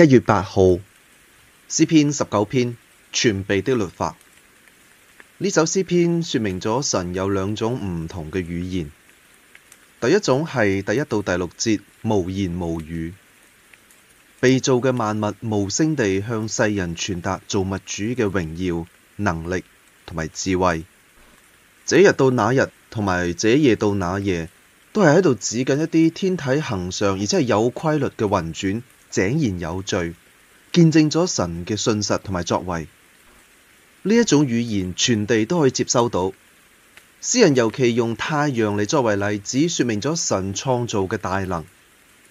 一月八號，詩篇十九篇，全備的律法。呢首詩篇說明咗神有兩種唔同嘅語言。第一種係第一到第六節，無言無語，被造嘅萬物無聲地向世人傳達造物主嘅榮耀、能力同埋智慧。這日到那日，同埋這夜到那夜，都係喺度指緊一啲天體恆常，而且係有規律嘅運轉。井然有序，見證咗神嘅信實同埋作為。呢一種語言，全地都可以接收到。詩人尤其用太陽嚟作為例子，說明咗神創造嘅大能。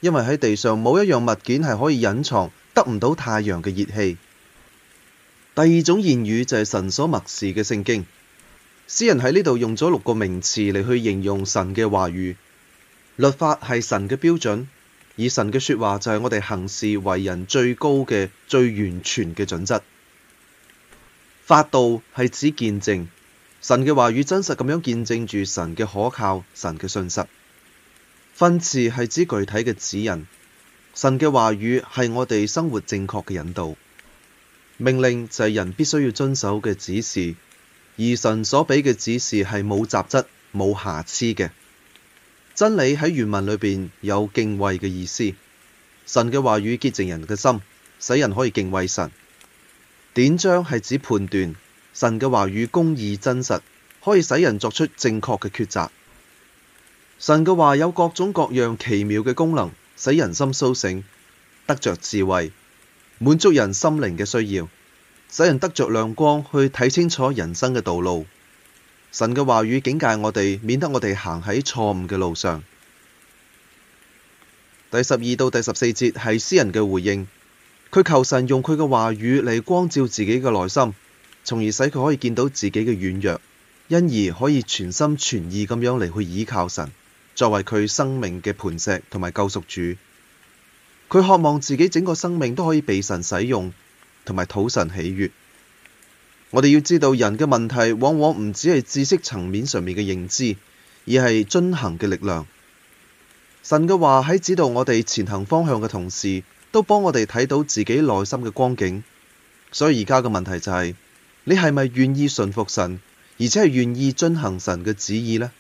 因為喺地上冇一樣物件係可以隱藏，得唔到太陽嘅熱氣。第二種言語就係神所默示嘅聖經。詩人喺呢度用咗六個名詞嚟去形容神嘅話語。律法係神嘅標準。以神嘅說話就係我哋行事為人最高嘅、最完全嘅準則。法度係指見證，神嘅話語真實咁樣見證住神嘅可靠、神嘅信實。訓詞係指具體嘅指引，神嘅話語係我哋生活正確嘅引導。命令就係人必須要遵守嘅指示，而神所畀嘅指示係冇雜質、冇瑕疵嘅。真理喺原文裏邊有敬畏嘅意思，神嘅話語潔淨人嘅心，使人可以敬畏神。典章係指判斷，神嘅話語公義真實，可以使人作出正確嘅抉擇。神嘅話有各種各樣奇妙嘅功能，使人心甦醒，得着智慧，滿足人心靈嘅需要，使人得着亮光去睇清楚人生嘅道路。神嘅話語警戒我哋，免得我哋行喺錯誤嘅路上。第十二到第十四節係詩人嘅回應，佢求神用佢嘅話語嚟光照自己嘅內心，從而使佢可以見到自己嘅軟弱，因而可以全心全意咁樣嚟去倚靠神，作為佢生命嘅磐石同埋救贖主。佢渴望自己整個生命都可以被神使用，同埋討神喜悦。我哋要知道人嘅問題，往往唔止係知識層面上面嘅認知，而係遵行嘅力量。神嘅話喺指導我哋前行方向嘅同時，都幫我哋睇到自己內心嘅光景。所以而家嘅問題就係，你係咪願意順服神，而且係願意遵行神嘅旨意咧？